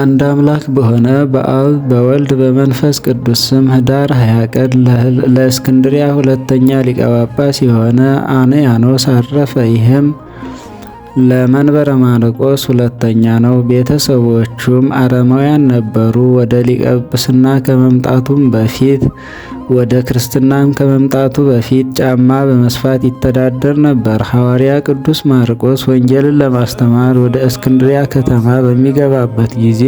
አንድ አምላክ በሆነ በአብ በወልድ በመንፈስ ቅዱስ ስም ህዳር 20 ቀን ለእስክንድሪያ ሁለተኛ ሊቀ ጳጳስ የሆነ አንያኖስ አረፈ። ይህም ለመንበረ ማርቆስ ሁለተኛ ነው። ቤተሰቦቹም አረማውያን ነበሩ። ወደ ሊቀ ጵጵስና ከመምጣቱም በፊት ወደ ክርስትናም ከመምጣቱ በፊት ጫማ በመስፋት ይተዳደር ነበር። ሐዋርያ ቅዱስ ማርቆስ ወንጌልን ለማስተማር ወደ እስክንድሪያ ከተማ በሚገባበት ጊዜ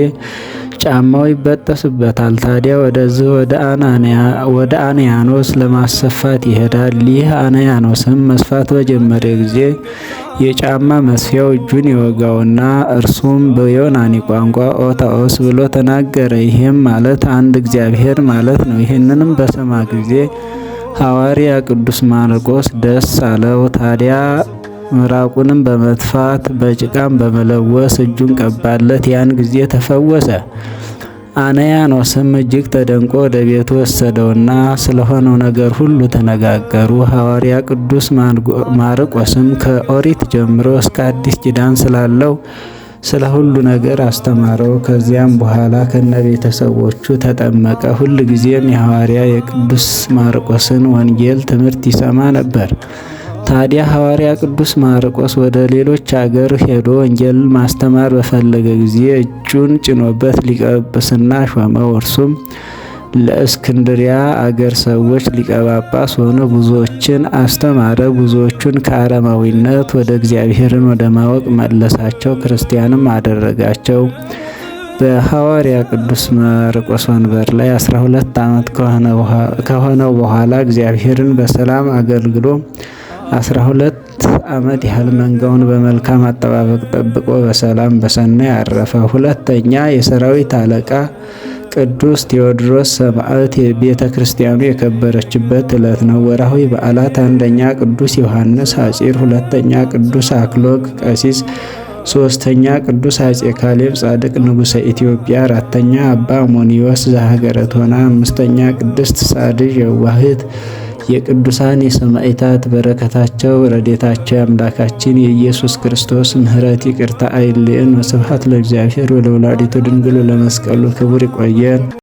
ጫማው ይበጠስበታል። ታዲያ ወደዚህ ወደ አንያኖስ ለማሰፋት ይሄዳል። ይህ አንያኖስም መስፋት በጀመረ ጊዜ የጫማ መስፊያው እጁን ይወጋውና እርሱም በዮናኒ ቋንቋ ኦታኦስ ብሎ ተናገረ። ይህም ማለት አንድ እግዚአብሔር ማለት ነው። ይህንንም በሰማ ጊዜ ሐዋርያ ቅዱስ ማርቆስ ደስ አለው። ታዲያ ምራቁንም በመትፋት በጭቃም በመለወስ እጁን ቀባለት። ያን ጊዜ ተፈወሰ። አንያኖስም እጅግ ተደንቆ ወደ ቤቱ ወሰደውና ስለሆነው ነገር ሁሉ ተነጋገሩ። ሐዋርያ ቅዱስ ማርቆስም ከኦሪት ጀምሮ እስከ አዲስ ኪዳን ስላለው ስለ ሁሉ ነገር አስተማረው። ከዚያም በኋላ ከነ ቤተሰቦቹ ተጠመቀ። ሁል ጊዜም የሐዋርያ የቅዱስ ማርቆስን ወንጌል ትምህርት ይሰማ ነበር። ታዲያ ሐዋርያ ቅዱስ ማርቆስ ወደ ሌሎች አገር ሄዶ ወንጌል ማስተማር በፈለገ ጊዜ እጁን ጭኖበት ሊቀ ጵጵስና ሾመው። እርሱም ለእስክንድሪያ አገር ሰዎች ሊቀ ጳጳስ ብዙዎችን አስተማረ። ብዙዎቹን ከአረማዊነት ወደ እግዚአብሔርን ወደ ማወቅ መለሳቸው፣ ክርስቲያንም አደረጋቸው። በሐዋርያ ቅዱስ ማርቆስ ወንበር ላይ 12 ዓመት ከሆነው በኋላ እግዚአብሔርን በሰላም አገልግሎ አስራ ሁለት ዓመት ያህል መንጋውን በመልካም አጠባበቅ ጠብቆ በሰላም በሰና ያረፈ። ሁለተኛ የሰራዊት አለቃ ቅዱስ ቴዎድሮስ ሰማዕት ቤተ ክርስቲያኑ የከበረችበት ዕለት ነው። ወርሃዊ በዓላት አንደኛ ቅዱስ ዮሐንስ ሐጺር፣ ሁለተኛ ቅዱስ አክሎግ ቀሲስ፣ ሶስተኛ ቅዱስ አፄ ካሌብ ጻድቅ ንጉሠ ኢትዮጵያ፣ አራተኛ አባ ሞኒዮስ ዘሀገረ አምስተኛ ቅድስት ሳድዥ የዋህት የቅዱሳን የሰማዕታት በረከታቸው ረዴታቸው የአምላካችን የኢየሱስ ክርስቶስ ምሕረት ይቅርታ አይልን ወስብሐት ለእግዚአብሔር ወለወላዲቱ ድንግሉ ለመስቀሉ ክቡር ይቆየን።